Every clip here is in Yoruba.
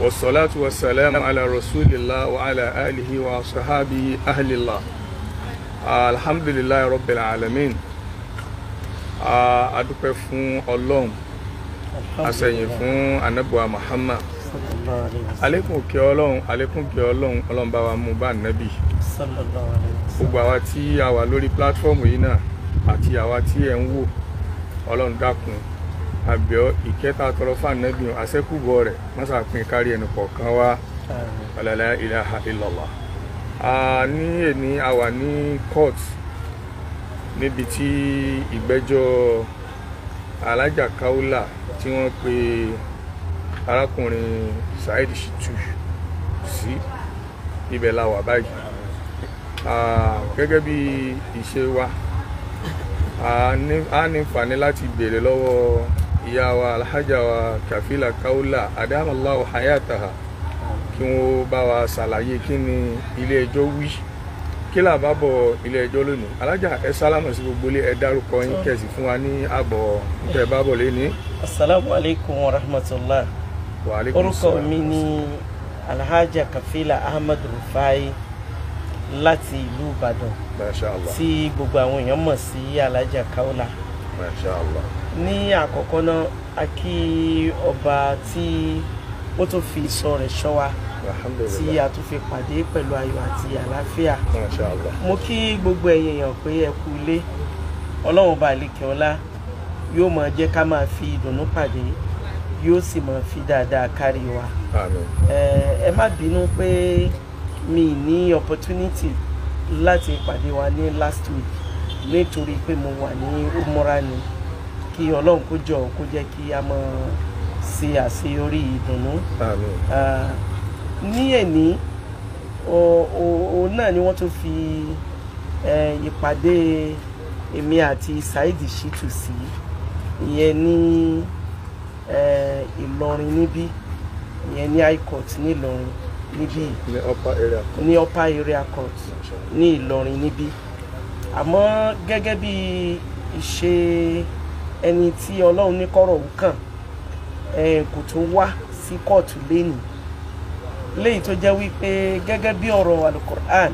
والصلاة والسلام على رسول الله وعلى آله وصحابه أهل الله الحمد لله رب العالمين adúpẹ́ fún ọlọ́run àsẹ̀yìn fún anabuwa Muhammad alekun kí ọlọ́run alekun kí ọlọ́run ọlọ́run bá wa mú bá nẹ́bì gbogbo àwa tí a wà lórí pílátífọ́ọ̀mù yìí náà àti àwa tí ẹ̀ ń wò ọlọ́run dákun àbíọ́ ìkẹta tọrọ fànẹ́bí àṣẹ́kùbọ̀ rẹ̀ mọ́sàpín kárí ẹnu kọ̀ọ̀kan wá ọ̀làlá ilaha illallah. ní èní a wà ní court níbi tí ìgbẹ́jọ́ alájà kaula tí wọ́n pe arákùnrin saheed shitu sí ibẹ̀ la wà báyìí gẹ́gẹ́ bí ìṣe wa a ní àǹfààní láti béèrè lọ́wọ́ ìyá wa alhaja wa kàfílà kaula adáhàláwò hayataha kí wọ́n bá wa ṣàlàyé kí ni ilé ẹjọ́ wí kí là bá bọ̀ ilé ẹjọ́ lónìí alájà ẹ sálámù sí gbogbo ilé ẹ dárúkọ yín kẹsì fún wa ní àbọ̀ nípa ẹ bá bọ̀ lẹ́ni. asalaamu alaykum wa rahmatulah. wa alaykum salaam. orúkọ mi ni alhaja kafila ahmed rufai láti ìlú ìbàdàn tí gbogbo àwọn èèyàn mọ̀ sí alájà kaula. Masha ní àkọ́kọ́ náà a kí ọba tí ó tún fi ìṣọ́ rẹ̀ ṣọ́ wa tí a tún fi pàdé pẹ̀lú ayọ̀ àti àlàáfíà mo kí gbogbo ẹ̀yin èèyàn pé ẹ kú ilé ọlọ́run ọba àlekè ọlá yóò máa jẹ́ ká máa fi ìdùnnú pàdé yóò sì máa fi dáadáa kárí wa ẹ má bínú pé mi ní opportunity láti pàdé wa ní last week nítorí pé mo wà ní umura ni kí ọlọ́run kó jọ kó jẹ́ kí a mọ̀ ṣe àṣeyọrí ìdùnnú. ní ẹ̀ní òun náà ni wọ́n tún fi ìpàdé èmi àti Saheed Shittu sí ìyẹn ní Ìlọrin níbí ìyẹn ní high court ní Ìlọrin níbí ní upper area court ní Ìlọrin níbí àmọ́ gẹ́gẹ́ bí ìṣe ẹni tí ọlọ́run ní kọ́rọ̀ ò kàn kò tó wá sí kóòtù lénìí léyìí tó jẹ́ wípé gẹ́gẹ́ bí ọ̀rọ̀ alukur'an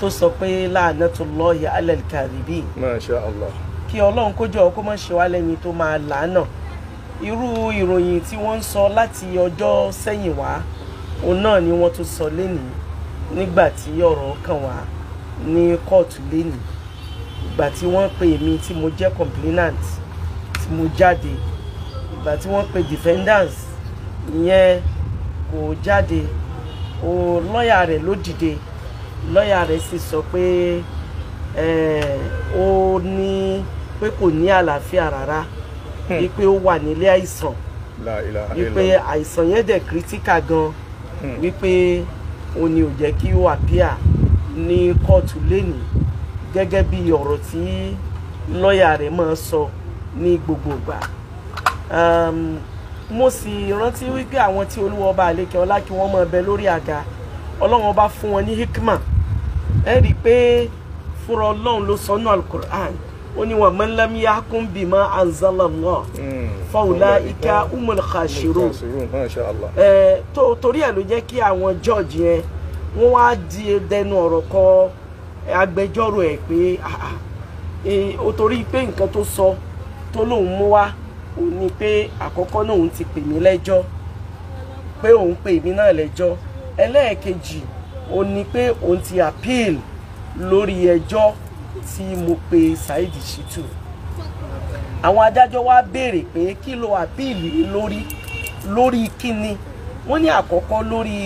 tó sọ pé la'natullahi ala al-kadhibin Masha Allah kí ọlọ́run kó jọ kó má ṣe wá lẹ́ni tó máa làánà irú ìròyìn tí wọ́n ń sọ láti ọjọ́ sẹ́yìn wá òun náà ni wọ́n tún sọ lénìí nígbà tí ọ̀rọ̀ kàn wá ní kóòtù lénìí ìgbà tí wọ́n pe èmi tí mo jẹ́ complainant tí mo jáde ìgbà tí wọ́n pe defendants ìyẹn kò jáde o lọ́ọ̀yà rẹ̀ ló dìde lọ́ọ̀yà rẹ̀ sì sọ pé ó ní pé kò ní àlàáfíà rárá wípé hmm. ó wà nílé àìsàn wípé àìsàn yẹn dẹ̀ critical gan wípé ó ní ò jẹ́ kí ó appear ní kóòtù lénìí gẹ́gẹ́ bí ọ̀rọ̀ tí lọ́ọ̀yà rẹ̀ máa sọ ní gbogbo ìgbà mo sì rántí wípé àwọn tí olúwa ọba àlekè ọlá kí wọ́n máa bẹ lórí àga ọlọ́run ọba fún wọn ní hikma ẹ rí i pé fúnra ọlọ́run ló sọ nù alukur'an ó ní wa man lam yahkum anzalallah fa ulaika umul khashirun ẹ torí ẹ ló jẹ́ kí àwọn jọ́ọ̀jì yẹn wọ́n wá di dẹnu ọ̀rọ̀ kọ́ agbẹjọ́rò ẹ̀ pé ó torí pé nǹkan tó sọ tó lòun mú wá òun ni pé àkọ́kọ́ náà òun ti pè mí lẹ́jọ́ pé òun pè mí náà lẹ́jọ́ ẹlẹ́ẹ̀kejì òun ni pé òun ti appeal lórí ẹjọ́ tí mo pe Saheed Shittu àwọn adájọ́ wa béèrè pé kí ló appeal lórí lórí kíni wọ́n ní àkọ́kọ́ lórí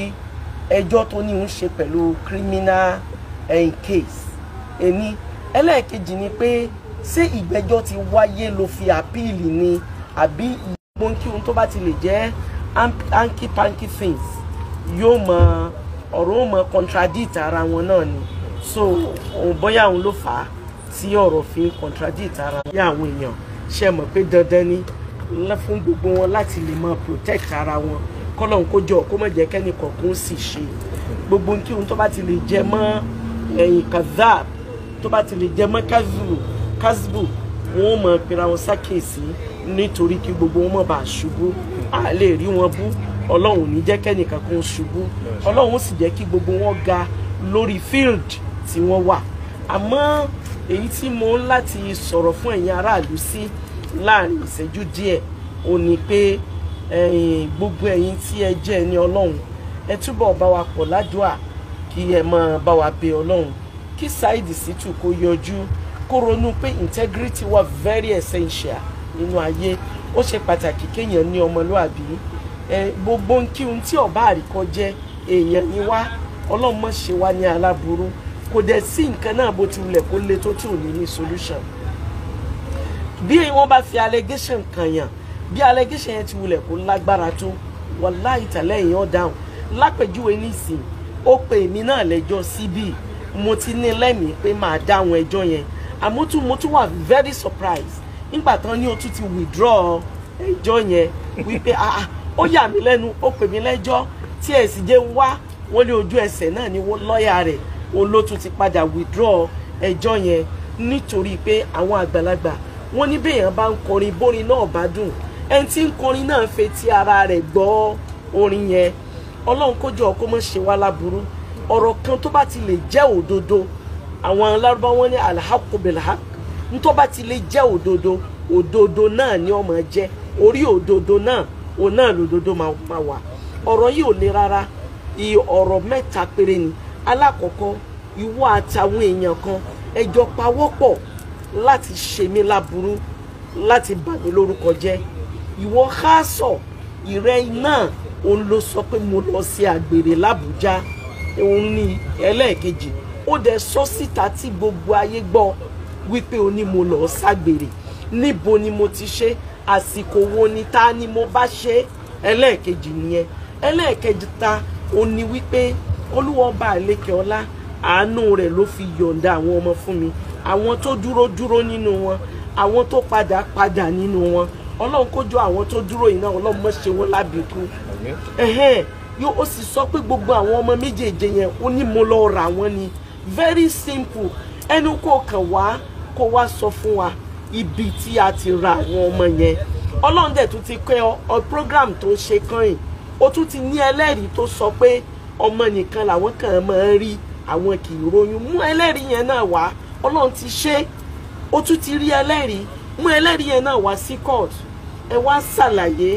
ẹjọ́ tó ní òun ṣe pẹ̀lú criminal in case ẹni ẹlẹ́ẹ̀kejì ni pé ṣé ìgbẹ́jọ́ ti wáyé ló fi àpíìlì ni àbí gbogbo kí ohun tó bá ti lè jẹ́ hanky panky things yóò mọ ọ̀rọ̀ ó mọ contradict ara wọn náà ni so bóyá òun ló fà á tí ọ̀rọ̀ fi ń contradict ara wọn. bí àwọn èèyàn ṣe mọ̀ pé dandan ni fún gbogbo wọn láti lè mọ protect ara wọn kọ́lọ́n kó jọ kó má jẹ́ kẹ́nìkọ̀ọ̀kan sì ṣe gbogbo kí ohun tó bá ti lè jẹ mọ́. Mm -hmm ẹ̀yìn kaza, tó bá ti lè jẹ mọ́ kazibu kazibu wọn ò mọ̀ pera wọn sákèsí nítorí kí gbogbo wọn mọ̀ bá ṣubú a lè rí wọn bú ọlọ́run ní jẹ́ kẹ́nìkan kan ṣubú ọlọ́run sì jẹ́ kí gbogbo wọn ga lórí field tí wọ́n wà àmọ́ èyí tí mo ń láti sọ̀rọ̀ fún ẹ̀yin aráàlú sí láàrin ìṣẹ́jú díẹ̀ ò ní pé gbogbo ẹ̀yin tí ẹ jẹ́ ẹni ọlọ́run ẹ túbọ̀ bá wa pọ̀ ládùúà kí ẹ máa bá wa bẹ ọlọ́run kí Saheed Shittu kó yọjú kó ronú pé integrity wà very essential nínú ayé ó ṣe pàtàkì kéèyàn ní ọmọlúàbí ẹ gbogbo nkíhun tí ọba àríkọ jẹ èèyàn ni wá ọlọ́run mọ̀ ṣe wá ní aláburú kò dẹ̀ sí nǹkan náà bó ti wulẹ̀ kó lé tó tí ò ní ní solution bí wọ́n bá fi allegation kan yàn bí allegation yẹn ti wulẹ̀ kó lágbára tó wàláhì tàlẹ́ èèyàn dáhùn lápèjúwe nísìnyí ó pe èmi náà lẹ́jọ́ síbí mo ti ní lẹ́mìí pé màá dá àwọn ẹjọ́ yẹn àmótú mo tún wà very surprised nígbà tán ní o tún ti withdraw ẹjọ́ yẹn wípé ah, ah, ó yà mí lẹ́nu ó pè mí lẹ́jọ́ tí ẹ̀ sì jẹ́ wá wọ́n lé ojú ẹsẹ̀ náà ni lọ́ọ̀yà rẹ̀ òun ló tún ti padà withdraw ẹjọ́ yẹn nítorí pé àwọn àgbàlagbà wọ́n ní bẹ́ẹ̀ yẹn bá ń kọrin bórin náà bá dùn ẹni tí ń kọrin náà fetí ara rẹ̀ gbọ́ orin yẹn ọlọ́run kó jọ kó mọ̀ ṣe wá láburú ọ̀rọ̀ kan tó bá ti lè jẹ́ òdodo àwọn alárúbá wọn ní alhaqqu bilhaq ntó bá ti lè jẹ́ òdodo òdodo náà ni ó máa jẹ́ orí òdodo náà òun náà lòdodo máa wà ọ̀rọ̀ yìí ò le rárá iye ọ̀rọ̀ mẹ́ta péré ni alákọ̀ọ́kọ́ ìwọ àtàwọn èèyàn kan ẹ jọ pawọ́pọ̀ láti ṣe mí láburú láti bà mí lórúkọ jẹ́ ìwọ ká ìrẹ́ náà òun ló sọ pé mo lọ sí àgbèrè làbújá òun ní ẹlẹ́ẹ̀kejì ó dẹ̀ sọ síta tí gbogbo ayé gbọ́ wípé o ní mo lọ ságbèrè níbo ni mo ti ṣe àsìkò wo ni ta ni mo bá ṣe ẹlẹ́ẹ̀kejì nìyẹn ẹlẹ́ẹ̀kẹta òun ni wípé olúwọba àlékè ọlá àánú rẹ̀ ló fi yọ̀ǹda àwọn ọmọ fún mi àwọn tó dúró dúró nínú wọn àwọn tó padà padà nínú wọn ọlọ́run kójú àwọn tó dúró yìí náà ọlọ́run mọ̀ ṣe wọn lábìkú yóò ó sì sọ pé gbogbo àwọn ọmọ méjèèjì yẹn ó ní mo lọ ra wọn ni very simple ẹnu kò kàn wá kó wá sọ fún wa ibi tí a ti ra àwọn ọmọ yẹn ọlọ́run dẹ̀ tún ti kẹ́ ọ program tó ń ṣe kan yìí ó tún ti ní ẹlẹ́rìí tó sọ pé ọmọ nìkan làwọn kan máa ń rí àwọn kì í ròyìn mú ẹlẹ́rìí yẹn náà wá ọlọ́run ti ṣe ó tún ti rí ẹlẹ́rìí mú ẹlẹ́rìí yẹn náà wá sí court ẹ wá ṣàlàyé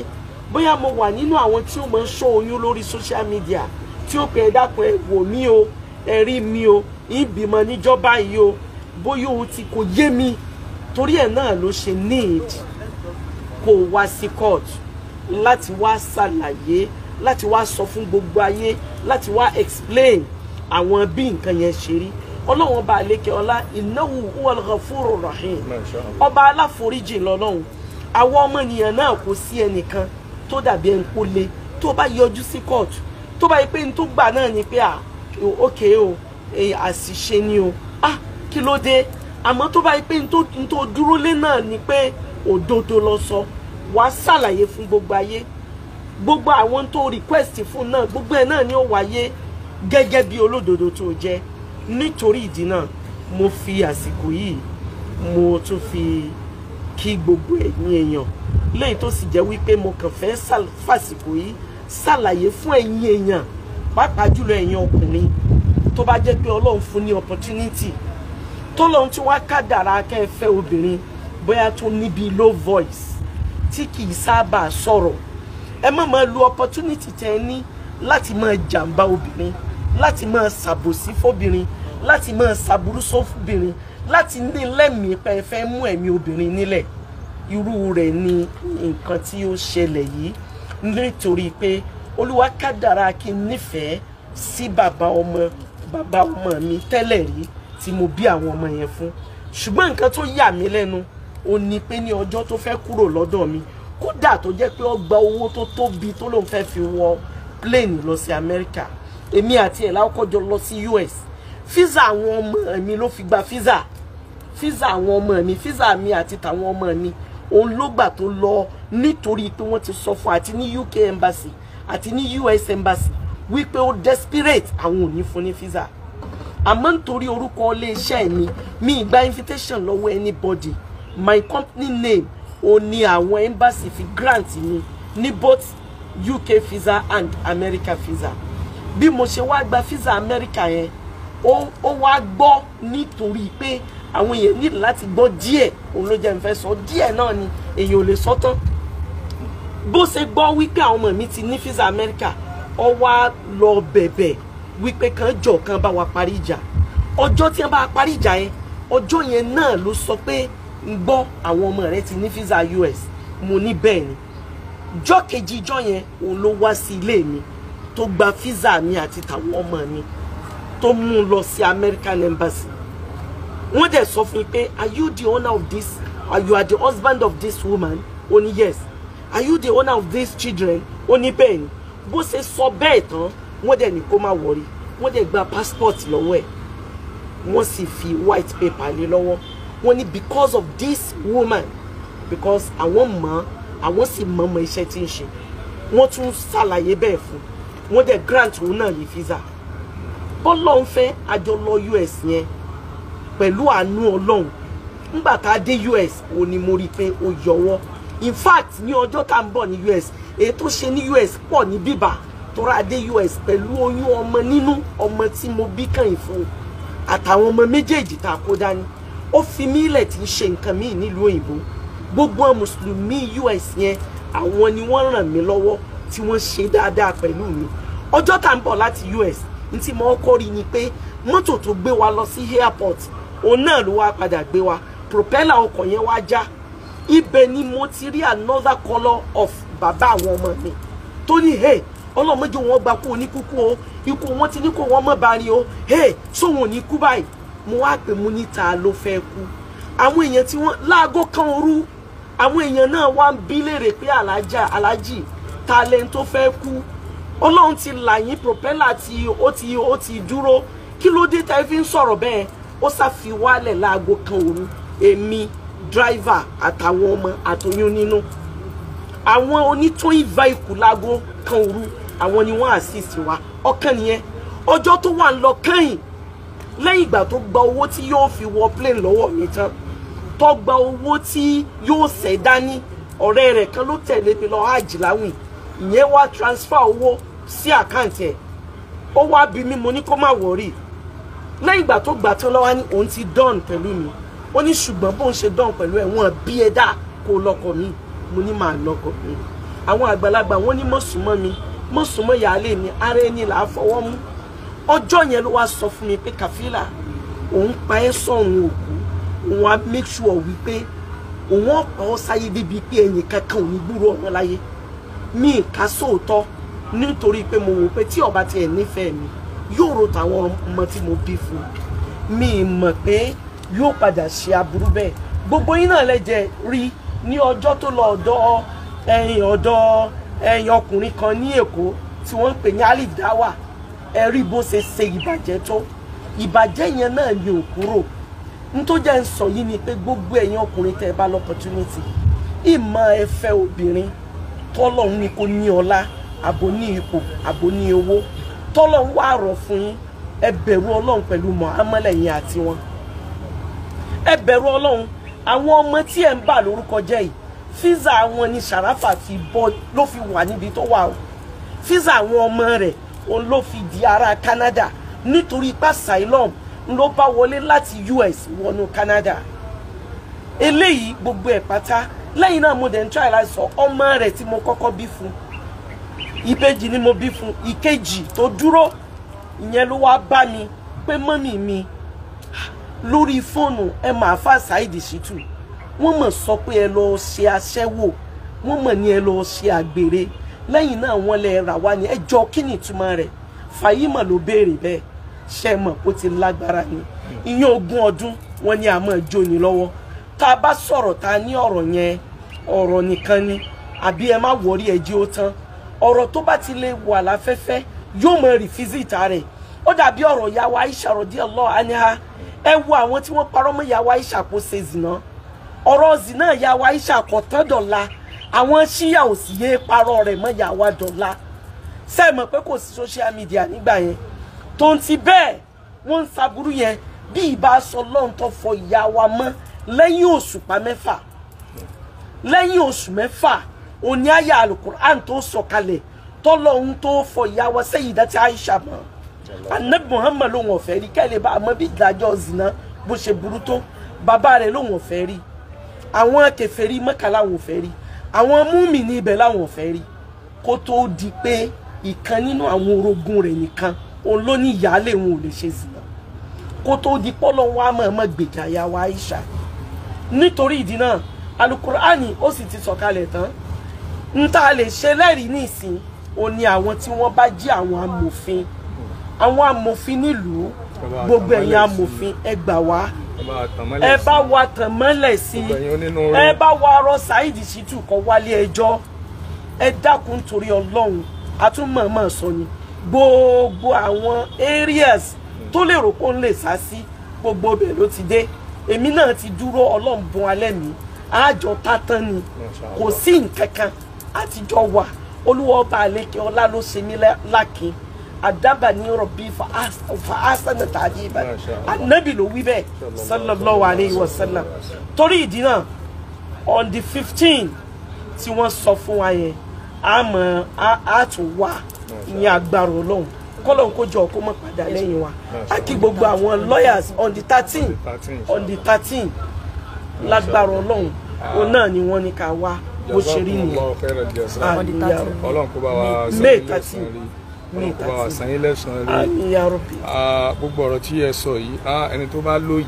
bóyá mo wà nínú àwọn tí ó máa ń ṣó oyún lórí social media tí ó pè é dákun ẹ wò mí o ẹ rí mi o ìbímọ níjọba yìí o bóyá òun ti kò yé mi torí ẹ̀ náà ló ṣe need kó wá sí court láti wá ṣàlàyé láti wá sọ fún gbogbo ayé láti wá explain àwọn bí nǹkan yẹn ṣe rí ọlọ́run ọba àlékè ọlá innahu huwal ghafurur rahim ọba aláforíjì lọ́lọ́run àwọn ọmọ ènìyàn náà kò sí ẹnìkan tó dàbí ẹni kó le tó bá yọjú sí court tó bá yẹ pé n tó gbà náà ni pé à ah, ok o àṣìṣe ni o ah kí ló dé àmọ́ tó bá yẹ pé n tó dúró lé náà ni pé òdodo lọ sọ wà ṣàlàyé fún gbogbo ayé gbogbo àwọn tó request fún náà gbogbo ẹ̀ náà ni ó wáyé gẹ́gẹ́ bí olódodo tó jẹ́ nítorí ìdí náà mo fi àsìkò yìí mo tún fi kí gbogbo ẹ̀yin èèyàn léyìí tó sì jẹ́ wípé mo kàn fẹ́ fàsìkò yìí ṣàlàyé fún ẹ̀yin èèyàn pàápàá jùlọ ẹ̀yin ọkùnrin tó bá jẹ́ pé ọlọ́run fún ní opportunity tó lọ́run tí wá kádàrá kẹ́ẹ̀fẹ́ obìnrin bóyá tó níbi low voice tí kì í sábà sọ̀rọ̀ ẹ má máa lu opportunity tẹ́ ẹ ní láti máa jàǹbá obìnrin láti máa ṣàbòsí fóbìnrin láti máa ṣàbúrú sófóbìnrin láti ní lẹ́mìí pé ẹ fẹ́ mú ẹ̀mí obìnrin nílẹ̀ irú rẹ̀ ni nǹkan tí ó ṣẹlẹ̀ yìí nítorí pé olúwa kádàrá kí n nífẹ̀ẹ́ sí bàbá ọmọ bàbá ọmọ mi tẹ́lẹ̀ rí tí mo bí àwọn ọmọ yẹn fún ṣùgbọ́n nǹkan tó yà mí lẹ́nu ó ní pé ní ọjọ́ tó fẹ́ kúrò lọ́dọ̀ mi kódà tó jẹ́ pé ó owó tó tóbi tó lóun fẹ́ fi wọ plane lọ sí Amẹ́ríkà èmi àti ẹ̀ láwọ́kọ́jọ lọ sí US fíza àwọn ọmọ mi ló fi gba fíza fíza àwọn ọmọ mi fíza mi àti tàwọn ọmọ mi òun ló gbà tó lọ nítorí pé wọ́n ti sọ fún àti ní UK embassy àti ní US embassy wípé ó desperate àwọn ò ní fún ní visa àmọ́ nítorí orúkọ iléeṣẹ́ mi mi gba invitation lọ́wọ́ anybody my company name ò ní àwọn embassy fi grant mi ní both UK visa and America visa bí mo ṣe wá gba visa America yẹn ó wá gbọ́ nítorí pé àwọn èèyàn ní láti gbọ́ díẹ̀ òun ló jẹ́ n fẹ́ sọ díẹ̀ náà ni èèyàn ò lè sọ tán bó ṣe gbọ́ wípé àwọn ọmọ mi ti ní fisa Amẹ́ríkà ó wá lọ bẹ̀bẹ̀ wípé kan jọ kan bá wa parí ìjà ọjọ́ tí wọ́n bá parí ìjà yẹn ọjọ́ yẹn náà ló sọ pé ń gbọ́ àwọn ọmọ rẹ ti ní fisa US mo ní bẹ́ẹ̀ ni jọ́ kejì jọ́ yẹn òun ló wá sí ilé mi tó gba fisa mi àti tàwọn ọmọ mi tó mú un lọ sí American Embassy wọ́n dẹ̀ sọ fún yín pé are you the owner of this are you are the husband of this woman ó ní yes are you the owner of these children ó ní bẹ́ẹ̀ ni bó ṣe sọ bẹ́ẹ̀ tán wọ́n dẹ̀ ní kó má wọrí wọ́n dẹ̀ gba passport lọ́wọ́ ẹ̀ wọ́n sì fi white paper lé lọ́wọ́ wọ́n ní because of this woman because àwọn mọ̀ àwọn sì mọ̀ mọ̀ iṣẹ́ tí ń ṣe wọ́n tún ṣàlàyé bẹ́ẹ̀ fún wọ́n dẹ̀ grant òun náà ní visa bọ́lọ́ ń fẹ́ àjọ lọ US yẹn pẹ̀lú àánú ọlọ́run nígbà tá a dé US ò ní mo rí i pé ó yọwọ́ in fact ní ọjọ́ tá à ń bọ̀ ní US èyí tó ṣe ní US pọ̀ ní bíbà tọ́ra dé US pẹ̀lú oyún ọmọ nínú ọmọ tí mo bí kàn fún àtàwọn ọmọ méjèèjì tá a kó dání ó fi mí ilẹ̀ tí ń ṣe nǹkan míì nílùú òyìnbó gbogbo mùsùlùmí US yẹn àwọn ni wọ́n ràn mí lọ́wọ́ tí wọ́n ṣe dáadáa pẹ̀lú mi ọjọ́ tá à ń bọ̀ láti US ní tí mo kọ́ rí ni pé mọ́tò tó gbé wa lọ sí airport òun náà ló wá padà gbé wa propeller ọkọ̀ yẹn wá já ibẹ̀ ni mo ti rí another colour of bàbá àwọn ọmọ mi tó ní hey ọlọ́mọdé wọn gba kú oníkúkú o ikú wọn ti ní kó wọn mọ̀ bá rí o hey sóhun ò ní kú báyìí mo wá pè mú níta ló fẹ́ kú àwọn èèyàn tí wọ́n láago kan òru àwọn èèyàn náà wá ń bí léèrè pé alájà alájì ta lẹ́ni tó fẹ́ kú ọlọ́run ti là yín propeller ti ó ti ó ti dúró kí ló dé tá ẹ fi ń sọ̀rọ̀ bẹ́ẹ̀ ó ṣàfi wálẹ̀ láago kan òru èmi dráìvà àtàwọn ọmọ àtọyún nínú àwọn onítọ́yìn vehicle láago kan òru àwọn ni wọ́n assist wa ọ̀kan nìyẹn ọjọ́ tó wà lọ kẹ́yìn lẹ́yìn ìgbà tó gba owó tí yóò fi wọ plane lọ́wọ́ mi tán tó gba owó tí yóò ṣẹ̀ dání ọ̀rẹ́ rẹ̀ kan ló tẹ̀lé mi lọ hajj láwìn ìyẹn wá transfer owó sí àkáǹtì ẹ̀ ó wá bí mi mo ní kó má wọ̀rí lẹ́yìn ìgbà tó gbà tán lọ́wọ́ ní òun ti dán pẹ̀lú mi ó ní ṣùgbọ́n bóun ṣe dán pẹ̀lú ẹ̀ wọ́n bí ẹ dá kó lọ́kọ mi mo ní màá lọ́kọ mi àwọn àgbàlagbà wọ́n ní mọ̀sùmọ́ mi mọ̀sùmọ́ ìyáálé mi ara ẹni là á fọwọ́ mú ọjọ́ yẹn ló wá sọ fún mi pé kàfílà òun pa ẹ́ sọ̀run òkú òun á make sure wípé òun ọ̀pọ̀ sáyé débi pé ẹ̀yìn kankan ò ní gbúrò ọ̀rọ̀ láyé mi ì ká sóòótọ́ nítorí pé mo wò pé tí ọba tiẹ̀ nífẹ̀ẹ́ mi yóò ro tàwọn ọmọ tí mo bí fún mi mọ̀ pé yóò padà ṣe aburú bẹ́ẹ̀ gbogbo yín náà lẹ́jẹ̀ rí ní ọjọ́ tó lọ ọ̀dọ̀ ẹ̀yìn ọ̀dọ̀ ẹ̀yìn ọkùnrin kan ní Èkó tí wọ́n ń pè ní Ali Dawa ẹ rí bó ṣe ṣe ìbàjẹ́ tó ìbàjẹ́ yẹn náà ni ò kúrò n tó jẹ́ ń sọ yìí ni pé gbogbo ẹ̀yin ọkùnrin tẹ́ ẹ bá lọ́pọ̀túnìtì ìmọ̀ ẹ obìnrin tọ́lọ́run ni kò ní ọlá àbò ní ipò àbò ní owó tọ́lọ̀ ń wá rọ̀ fún yín ẹ bẹ̀rù ọlọ́run pẹ̀lú mọ̀ amọ́lẹ̀yìn àti wọn ẹ bẹ̀rù ọlọ́run àwọn ọmọ tí ẹ̀ ń bà lórúkọ jẹ́ yìí fíza àwọn ni sàràfà fi bọ́ ló fi wà níbi tó wà o fíza àwọn ọmọ rẹ̀ òun ló fi di ara Canada nítorí pàṣàìlọ́m ló bá wọlé láti US wọnú Canada eléyìí gbogbo ẹ̀ pátá lẹ́yìn náà mo dẹ̀ ń try láti sọ ọmọ rẹ̀ tí mo kọ́kọ́ bí fún un ìbejì ni mo bí fún ìkejì tó dúró ìyẹn ló wá bá mi pé mọ́mì mi lórí fóònù ẹ máa fà Saheed Shittu wọ́n mọ̀ sọ pé ẹ lọ ṣe aṣẹ́wó wọ́n mọ̀ ní ẹ lọ ṣe àgbèrè lẹ́yìn náà wọ́n lẹ rà wá ní ẹjọ́ kí ni ìtumọ̀ rẹ̀ fàyímọ̀ ló béèrè bẹ́ẹ̀ ṣe mọ̀ kó ti lágbára ni ìyẹn ogún ọdún wọn ni àmọ́ ìjó ni lọ́wọ́ tá a bá sọ̀rọ̀ ta ní ọ̀rọ̀ yẹn ọ̀rọ̀ nìkan ni àbí ẹ má wọrí ẹjí ó tán ọ̀rọ̀ tó bá ti lè wà láfẹ́fẹ́ yóò mọ rìfísìtì rẹ̀ ó dàbí ọ̀rọ̀ ìyàwó Aisha radiyallahu anha ẹ wo àwọn tí wọ́n parọ́ mọ́ ìyàwó Aisha kó ṣe zìnà ọ̀rọ̀ zìnà ìyàwó Aisha kò tán dọ̀la àwọn ṣíyà ò sì yé parọ́ rẹ̀ mọ́ ìyàwó dọ̀la sẹ́ẹ̀mọ̀ pé kò sí social media nígbà yẹn tó ń ti bẹ́ẹ̀ wọ́n ń saburú yẹn bí ìbá sọ lọ́n fọ ìyá wa mọ́ lẹ́yìn oṣù pa mẹ́fà lẹ́yìn oṣù mẹ́fà òní àyà alukur'an tó sọ̀kalẹ̀ tọ́lọ́hún tó fọ ìyàwó Sayyidati Aisha mọ́ anabi Muhammad lòun ọ̀fẹ́ rí kẹ́lẹ́ bá àmọ́ bí ìdájọ́ zina bó ṣe burú tó bàbá rẹ̀ lòun ọ̀fẹ́ rí àwọn kèfèrí Mẹ́kà làwọn ọ̀fẹ́ rí àwọn múmi ní ibẹ̀ làwọn ọ̀fẹ́ rí kó tó di pé ìkan nínú àwọn orogún rẹ̀ nìkan òun ló ní ìyáálé òun ò lè ṣe zina kó tó di pọ́lọ́ wa mọ̀ọ́mọ̀ gbèjà ìyàwó Aisha nítorí ìdí náà alukur'ani ó sì ti sọ̀kalẹ̀ tán n tá a lè ṣe lẹ́rìí nísìn o ní àwọn tí wọ́n bá jí àwọn amòfin àwọn amòfin nílùú gbogbo ẹ̀yin amòfin ẹ gbà wá ẹ bá wa tàn mọ́lẹ̀ sí ẹ bá wa rọ Saheed Shittu kó wálé ẹjọ́ ẹ dákun nítorí ọlọ́run àtúmọ̀ọ́mọ̀ sọ ni gbogbo àwọn areas tó lè rò pé òun lè sá sí gbogbo bẹ́ẹ̀ ló ti dé èmi náà ti dúró ọlọ́run bùn alẹ́ mi àjọ tátán ni kò sí nǹkan kan àtijọ́ wa olúwa ọba àlékè ọlá ló ṣe mí lákin àdábà ní rọ̀bí fàásánà tààdí ìbàdàn ànábì ló wí bẹ́ẹ̀ sallallahu alayhi wa sallam torí ìdí náà on the fifteen tí wọ́n sọ fún wa yẹn àmọ́ àtúwà ní agbára ọlọ́run kọlọ́n kó jọ kó mọ̀ padà lẹ́yìn wa a kí gbogbo àwọn lawyers on the thirteen on the thirteen lágbára ọlọ́run ah. òun náà ni wọ́n ní ká wá bó ṣe rí nìyẹn ọlọ́run kó bá wa sẹ́yìn lẹ́sàn rí ọlọ́run gbogbo ọ̀rọ̀ tí ẹ sọ yìí ẹni tó bá lóye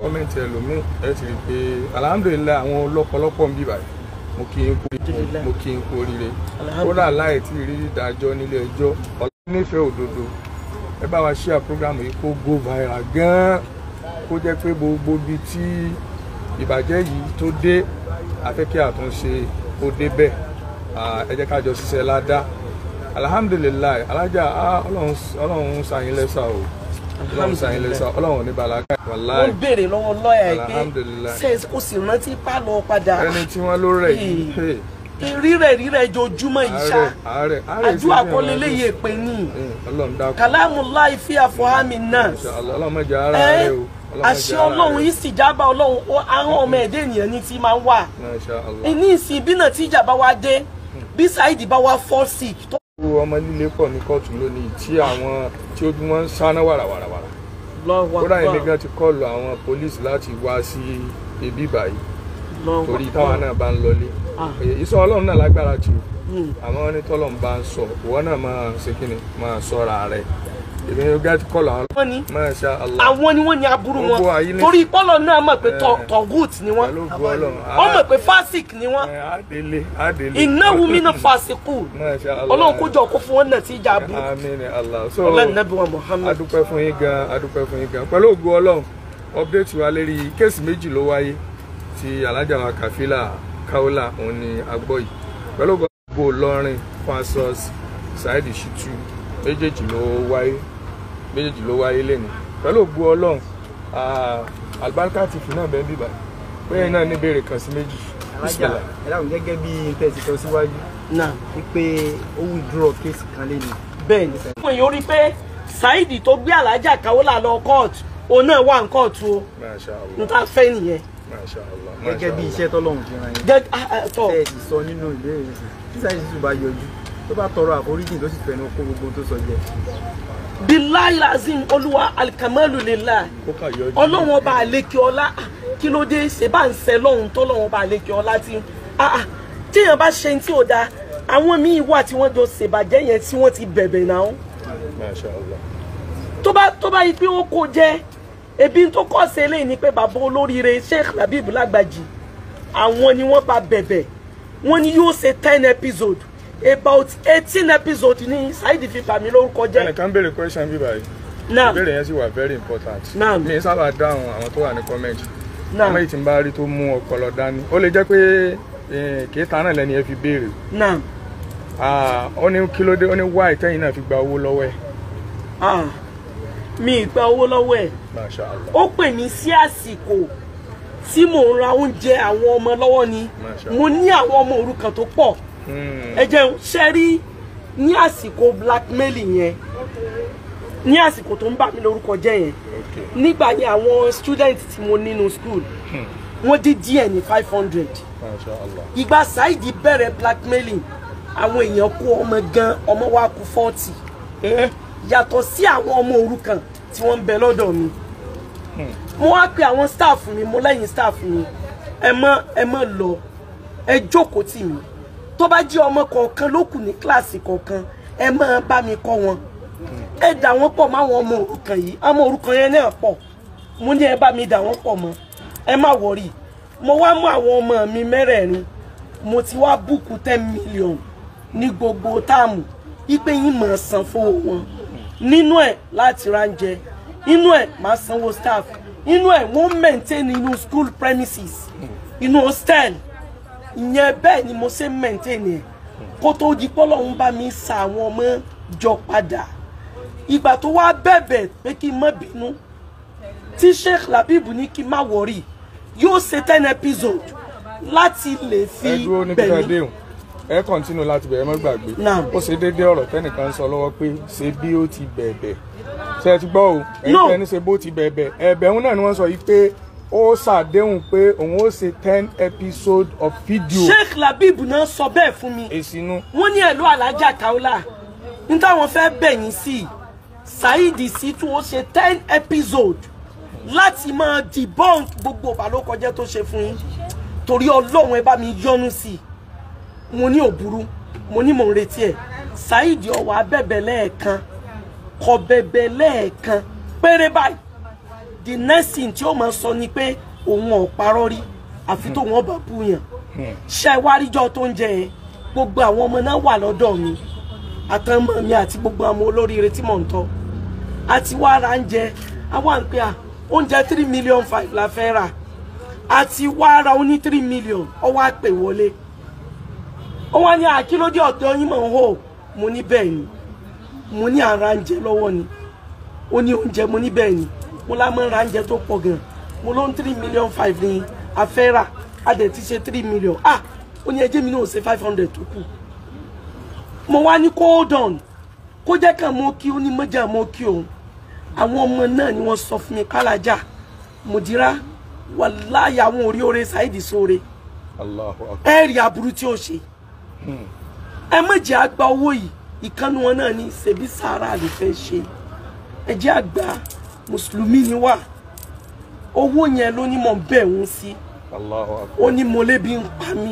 gọ́ọ̀mẹ̀ntì ẹlòmíì ẹ ti rí i pé alhamdulillah àwọn lọ́pọ̀lọpọ̀ ń bíbà yìí mo kí n kúrire mo kódà láì tí ì rí ìdájọ́ nílé ẹjọ́ ọlọ́run òdodo ẹ bá wa share program yìí kó go viral gan-an kó jẹ́ pé gbogbo ibi tí ìbàjẹ́ yìí tó dé afẹ́kẹ́ àtúnṣe ó débẹ̀ ẹ jẹ́ ká jọ ṣiṣẹ́ ládá alihamudulilayi alájà ọlọ́run sàyìn lẹ́sà o ọlọ́run sàyìn lẹ́sà ọlọ́run ní balaga wàláì. ó béèrè lọ́wọ́ lọ́ọ̀yà ẹ̀ pé sẹ́ẹ̀sì o sì rántí pálọ̀ padà. ẹni tí wọ́n ló rẹ̀ yìí rírẹ̀ rírẹ̀ jojúmọ́ ìṣá àjú àkọlé léyè pé ní kàlámù láì fi àfọ̀hámi náà. ọlọ́run mẹ́jọ ara rẹ o àṣẹ ọlọ́run yìí sì jábá ọlọ́run àwọn ọmọ mm-hmm. ẹ̀dẹ́ ènìyàn ní ti máa ń wà ní ìsìn bí náà tí ìjà bá wá dé mm-hmm. bí Saheed bá wá fall sick. ọmọ líle pọ̀ ní kóòtù lónìí tí àwọn tí ó bí wọ́n ń sáná wàràwàrà kódà èmi gan ti kọ́ọ̀lù àwọn pólíìsì láti wá sí ibi báyìí torí táwa náà bá ń lọlé ah. ìsọ ọlọ́run náà lágbára jù hmm. àmọ́ ní tọ́lọ́run bá ń sọ ìwọ náà máa ṣe kíni èmi yóò gẹ́tù kọ́là àwọn ni àwọn ni wọ́n ní aburú wọn torí pọ́lọ̀ náà mọ̀ pé eh. tọ̀gùt ni wọ́n ó mọ̀ pé fásik ni wọ́n eh, ìnáwó mi náà fásikù ọlọ́run kó jọ kó fún wọn náà sí ìjà aburú ọlọ́run nàbí wa Muhammad. adúpẹ́ fún yín gan adúpẹ́ fún yín gan pẹ̀lú ògo ọlọ́run update wa lérí kéèsì méjì ló wáyé ti alájà wa Kàfílà Kaola òun ni agbọ́ yìí pẹ̀lú ògo ọlọ́run Ìlọrin fasos Saheed Shittu méjèèjì ló wáyé méjèèjì ló wáyé lẹ́nu pẹ̀lú ògbó ọlọ́run àlùbáríkà ti fi náà bẹ́ẹ̀ bíbá pé ẹ̀yin náà ní béèrè kan sí méjì. alájà ẹ dáhùn gẹ́gẹ́ bí tẹ̀sí kan síwájú náà wípé ó withdraw kéèsì kan lẹ́nu. bẹ́ẹ̀ ni sẹ́yìn. àwọn èèyàn rí pé Saheed tó gbé alájà Kaola lọ kóòtù òun náà wà ní kóòtù o n ta fẹ́ nìyẹn. gẹ́gẹ́ bí iṣẹ́ tọ́lọ́hún fi ràn yín. Ah, ah, tẹ̀sí sọ nínú ìbéèrè sísá ìṣubá yọjú tó bá tọrọ àforíjì tó sì fẹnu kó bilayi lazim olúwa alikamalu lila ọlọ́run ọba àlekè ọlá kí ló dé ṣe bá ń sẹ lọ́hùn tó lọ́run ọba àlekè ọlá ah, ah. tí téèyàn bá ṣe tí ò dáa àwọn míì wà tí wọ́n jọ ṣèbàjẹ́ yẹn tí wọ́n ti bẹ̀bẹ̀ náà tó bá tó bá yí pé ó kó jẹ́ ebi tó kọ́ sí eléyìí ni pé bàbá olóríire Sheikh Labib Lagbaji àwọn ni wọ́n bá bẹ̀bẹ̀ wọ́n ní yóò ṣe ten episode about eighteen episodes ni Saheed fi bà mí lórúkọ jẹ́. ẹnìkan béèrè question bí báyìí. naam ìbéèrè yẹn sì wà very important. naam mi sábà dáhùn àwọn tó wà ní comment. naam àwọn èyí tí n bá rí tó mú ọpọlọ dání ó lè jẹ́ pé eh, kì í tanràn lẹ́ni ẹ fi béèrè. naam. ó ní kí ló dé ó ní wá ìtẹ́yìn náà fi gba owó lọ́wọ́ ẹ̀. mi ì gba owó lọ́wọ́ ẹ̀. Masha Allah. ó pè mí sí àsìkò tí mò ń ra oúnjẹ àwọn ọmọ lọ́wọ́ ni mo ní àwọn ọmọ òrukàn tó pọ̀ ẹ jẹun ṣe rí ní àsìkò blackmail yẹn ní àsìkò tó ń bà mí lórúkọ jẹ́ yẹn nígbà yẹn àwọn student tí mo nínú school wọ́n dín díẹ̀ ní five hundred ìgbà Saidi bẹ̀rẹ̀ blackmailing àwọn èèyàn kó ọmọ gan ọmọ wa kú forty eh? yàtọ̀ sí àwọn ọmọ òrukàn tí wọ́n ń bẹ lọ́dọ̀ mi hmm. mo wá pe àwọn staff mi mo lẹ́yìn staff mi ẹ má ẹ má lọ ẹ jókòó tì mí tó bá jẹ́ ọmọ kọ̀ọ̀kan ló kù ní kíláàsì kọ̀ọ̀kan ẹ máa bá mi kọ́ wọn ẹ dà wọ́n pọ̀ máwọn ọmọ òrukàn yìí ọmọ òrukàn yẹn náà pọ̀ mo ní ẹ bá mi dà wọ́n pọ̀ mọ́ ẹ má wọ̀rì mo wá mú àwọn ọmọ mi mẹ́rẹ̀ẹ̀rin mo ti wá búùkù ten million ní gbogbo táàmù ipe yín máa san fowó wọn nínú ẹ̀ láti ránjẹ inú ẹ̀ máa sanwó staff inú ẹ̀ wọ́n maintain inú school premises inú hostel ìyẹn bẹ́ẹ̀ ni mo ṣe ń maintain ẹ̀ kó tó di pé Ọlọ́run bá mi sa àwọn ọmọ jọ padà ìgbà tó wá bẹ̀bẹ̀ pé kí n má bínú tí Sheikh Labeeb ní kí n má wọ̀rì yóò ṣe ten episode láti lè fi bẹ̀rẹ̀ ẹ kọ́ntínú láti bẹ̀rẹ̀ mọ́ gbàgbé ó ṣe déédéé ọ̀rọ̀ tẹ́nìkan ń sọ lọ́wọ́ pé ṣe bí ó ti bẹ̀bẹ̀ ṣe ti gbọ́ o ẹ̀yin tẹ́ni ṣe bó ti bẹ̀bẹ̀ ẹ̀bẹ̀ òun náà ni wọ́n sọ yìí pé ó ṣàdéhùn pé òun ó ṣe ten episode of video. Sheikh Labib náà sọ bẹ́ẹ̀ fún mi. èsínú. wọ́n ní ẹ̀lú alájà Kaola ní táwọn fẹ́ bẹ̀yìn sí i Saheed Shittu ó ṣe ten episode láti máa debunk gbogbo ìbálòkọjẹ́ tó ṣe fún yín torí ọlọ́run ẹ bá mi yọ́nú sí i mo ní òburú mo ní mò ń retí ẹ̀ Saheed ó wá bẹ̀bẹ̀ lẹ́ẹ̀kan kò péré báyìí Di next thing ti o ma so ni pe ohun o paro ri afi to won se wa ri jo to nje gbogbo awon omo wa lodo mi atan mo ati gbogbo amo olorire ti mo nto ati wa ra nje awon npe a onje 3 million 5 la fera ati wa ra oni 3 million o wa pe o wa ni a kilo di odo yin mo ho mo ni be ni ara nje lowo ni oni onje mo ni be ni mo la máa ń tó pọ̀ gan mo ló ń three million five ní afẹ́ra a dẹ̀ ti ṣe three million ah ó ní ẹjẹ́ mi náà ṣe five hundred tó kù mo wá ní hold on kó jẹ́ kàn mọ́ kí ó ní mọ́jà mọ́ kí òun àwọn ọmọ náà ni wọ́n sọ fún mi kálájà mùdírà wàláyé àwọn orí oore ṣáìdì sóore ẹ rí aburú tí ó ṣe hmm. ẹ méjì àgbà owó yìí ìkànnì wọn náà ní ṣèbí sàárà lè fẹ́ ṣe ẹ jẹ́ àgbà mùsùlùmí ni wá owó yẹn ló ní mọ̀ bẹ́ẹ̀ ń sí ó ní mọ̀lẹ́bí ń pa mí.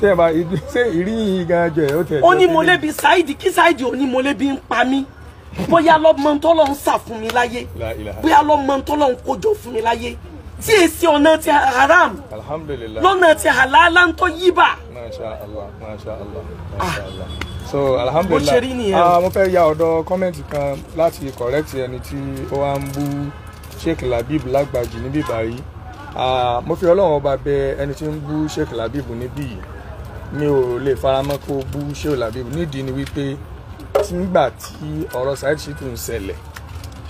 ṣé ìbá ṣé ìrí yìí gan jẹ ó tẹ. ó ní mọ̀lẹ́bí Saidi kí Saidi ó ní mọ̀lẹ́bí ń pa mí bóyá lọ́mọ tọ́lọ́ ń sà fún mi láyé bóyá lọ́mọ tọ́lọ́ ń kójọ fún mi láyé tí èsì ọ̀nà ti haram lọ́nà ti halala ń tọ́ yíbà. Masha Allah, Masha Allah, Masha Allah. Ah so alhamdulilah bó ṣe rí nìyẹn ah, o mo fẹ́ ya ọ̀dọ̀ kọ́mẹ̀ntì kan láti correct ẹni tí ó wá ń bú Sheikh Labib Lagbaji níbí báyìí ah, mo fi ọlọ́run ọba bẹ ẹni tí ń bú Sheikh Labib níbí yìí mi ò lè faramọ́ kó bú Sheikh Labib nídìí ni wípé nígbà tí ọ̀rọ̀ Saheed Shittu ń ṣẹlẹ̀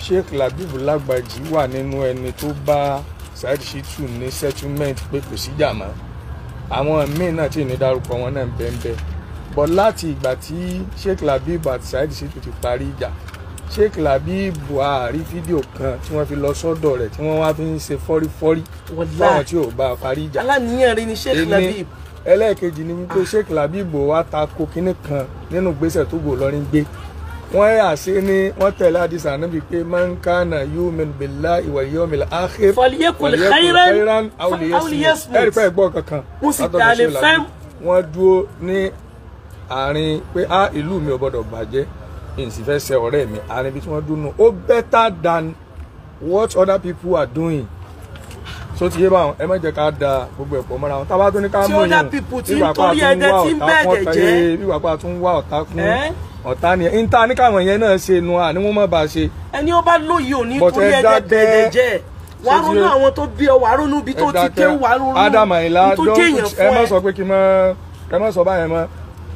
Sheikh Labib Lagbaji wà nínú ẹni tó bá Saheed Shittu ní settlement pé kò síjà mọ́ àwọn míín náà tí ì dárúkọ wọn náà ń bẹ́ẹ̀ bẹ́ẹ̀ but láti ìgbà tí Sheikh Labib àti Saheed Shittu ti parí ìjà Sheikh Labib Buhari fídíò kan tí wọ́n fi lọ sọ́dọ̀ rẹ̀ tí wọ́n wá fi ń ṣe fọ́rífọ́rí fáwọn tí ò bá parí ìjà. aláníyàn ni Sheikh Labib. ẹlẹ́ẹ̀kejì ni wípé ah. Sheikh Labib wá ta ko kínní kan nínú gbèsè tó gbò lọ́rin gbé wọ́n yà sí ni wọ́n tẹ̀lé àdìsá níbi pé man kana yu'min billahi wal yawmil akhir falyakul khayran aw liyasmut ẹ̀rí pẹ́ àárín pé á ah, ìlú mi ò gbọ́dọ̀ bàjẹ́ ìsì fẹ́ ṣe ọ̀rẹ́ mi àárín ibi tí wọ́n dúnú ó better than what other people are doing so ti yé báwọn ẹ má jẹ́ ká da gbogbo ẹ̀pọ̀ mọ́ra wọn tábà tó ní ká mú yẹn bíwà pa tún wá ọ̀tá kún ọ̀tá yé bíwà pa tún wá ọ̀tá kún ọ̀tá ni ẹ̀ ní káwọn yẹn náà ṣe nu àní wọ́n má bàa ṣe. ẹni ó bá lóye òní torí ẹ̀jẹ̀ bẹ̀ẹ̀dẹ̀ jẹ́ wà á ronú àwọn tó bí ọ wà á ronú ibi tó ti ké wà á ronú tó jẹ́ èèyàn fún ẹ. ẹ má sọ pé kí n má sọ báyẹn mọ́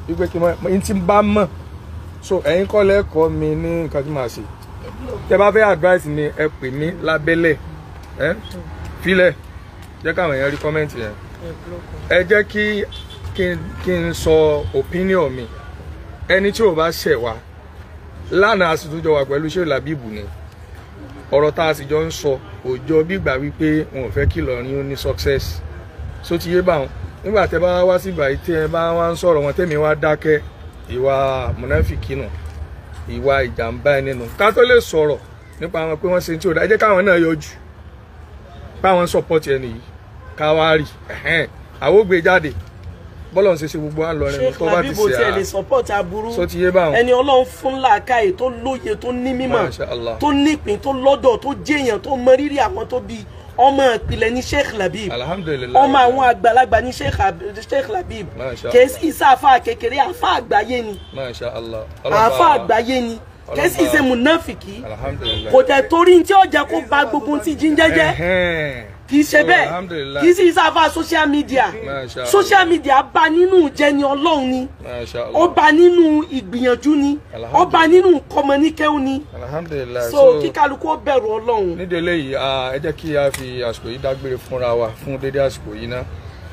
wípé kí n mọ n ti bá mọ̀ so ẹ̀yin kọ́ lẹ́kọ̀ọ́ mi ní nǹkan tí màá ṣe tẹ bá fẹ́ advice ni ẹ pè mí lábẹ́lẹ̀ ẹ filẹ̀ jẹ́ káwọn èèyàn rí kọ́mẹ́ǹtì yẹn ẹ jẹ́ kí kí n sọ opinion mi ẹni tí ò bá ṣẹ̀ wá lánàá a sì tún jọ wà pẹ̀lú ṣé làbíbù ni ọ̀rọ̀ tá a sì jọ ń sọ òjò bí gbà wípé wọn ò fẹ́ kí Ìlọrin ó ní success so ti yé báwọn nígbà tẹ bá wá sí ìgbà yìí tẹ bá wá ń sọ̀rọ̀ wọn tẹ́mi wá dákẹ́ ìwà mùnáfìkì nù ìwà ìjàmbá ẹni nù ká tó lè sọ̀rọ̀ nípa àwọn pé wọ́n ṣe tí ò dá ẹ jẹ́ káwọn náà yọjú báwọn sọ̀pọ̀tì ẹni yìí ká wá rì àwọn jáde bọ́lọ̀ ń ṣe ṣe gbogbo àlọ́rin ní tó bá ti ṣe à sọ ti yé báwọn. ẹni ọlọ́run fún làákàyè tó lóye tó ní mímọ̀ tó nípìn tó lọ́dọ̀ tó jẹ́yàn tó mọrírì àwọn tó bíi ọmọ ìpìlẹ̀ ní Sheikh Labib ọmọ àwọn àgbàlagbà ní Sheikh Labib kèsì ìsáfà kékeré àfà àgbáyé ni àfà àgbáyé ni kèsì ìsẹmùnáfìkì kò tẹ̀ torí tí ó jẹ́ kó ba gbogbo ti jíjẹ́jẹ́ kì í ṣe bẹ́ẹ̀ kì í sì sáfà social media social media bà nínú ìjẹni ọlọ́run ni ó bà nínú ìgbìyànjú ni ó bà nínú kọmọníkẹ́wù ni so kíkálukú ó bẹ̀rù ọlọ́run. nídìílé yìí ẹ jẹ́ kí a fi àsìkò yìí dágbére fúnra wa fún dédé àsìkò yìí ná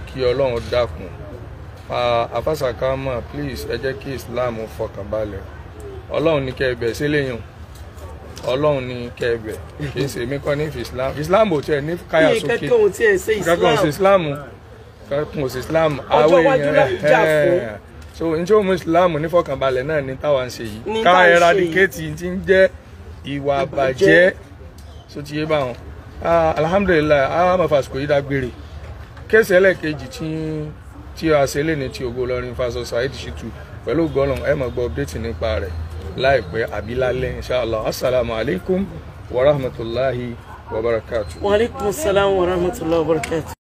kí ọlọ́run dákun àfàsàkámà please ẹ jẹ́ kí Islam fọkànbalẹ̀ ọlọ́run ní kẹ́ ẹ bẹ̀ sílẹ̀ yàn ọlọ́run ni kẹbẹ̀ kì í ṣe mí kọ́ ní islam islam ò tiẹ̀ ní káyà sókè kẹ́kọ̀ọ́ ò tiẹ̀ ṣe islam kẹ́kọ̀ọ́ ò ṣe islam kẹ́kọ̀ọ́ ò ṣe islam àwọn so n tí ó mú islam nífọ̀kànbalẹ̀ náà ní táwa ń ṣe yìí ká eradicate ti ń jẹ́ ìwà àbàjẹ́ so ti yé báwọn alhamdulilayi a máa fàṣukò yìí dágbére kéèsì ẹlẹ́ẹ̀kejì tí tí a ṣe lé ní ti Ògo Ìlọrin fa Saheed Shittu pẹ̀lú gọ́lọ̀n ẹ̀ máa gbọ́ update nípa rẹ̀ لايك ويا ابي لالي ان شاء الله السلام عليكم ورحمه الله وبركاته وعليكم السلام ورحمه الله وبركاته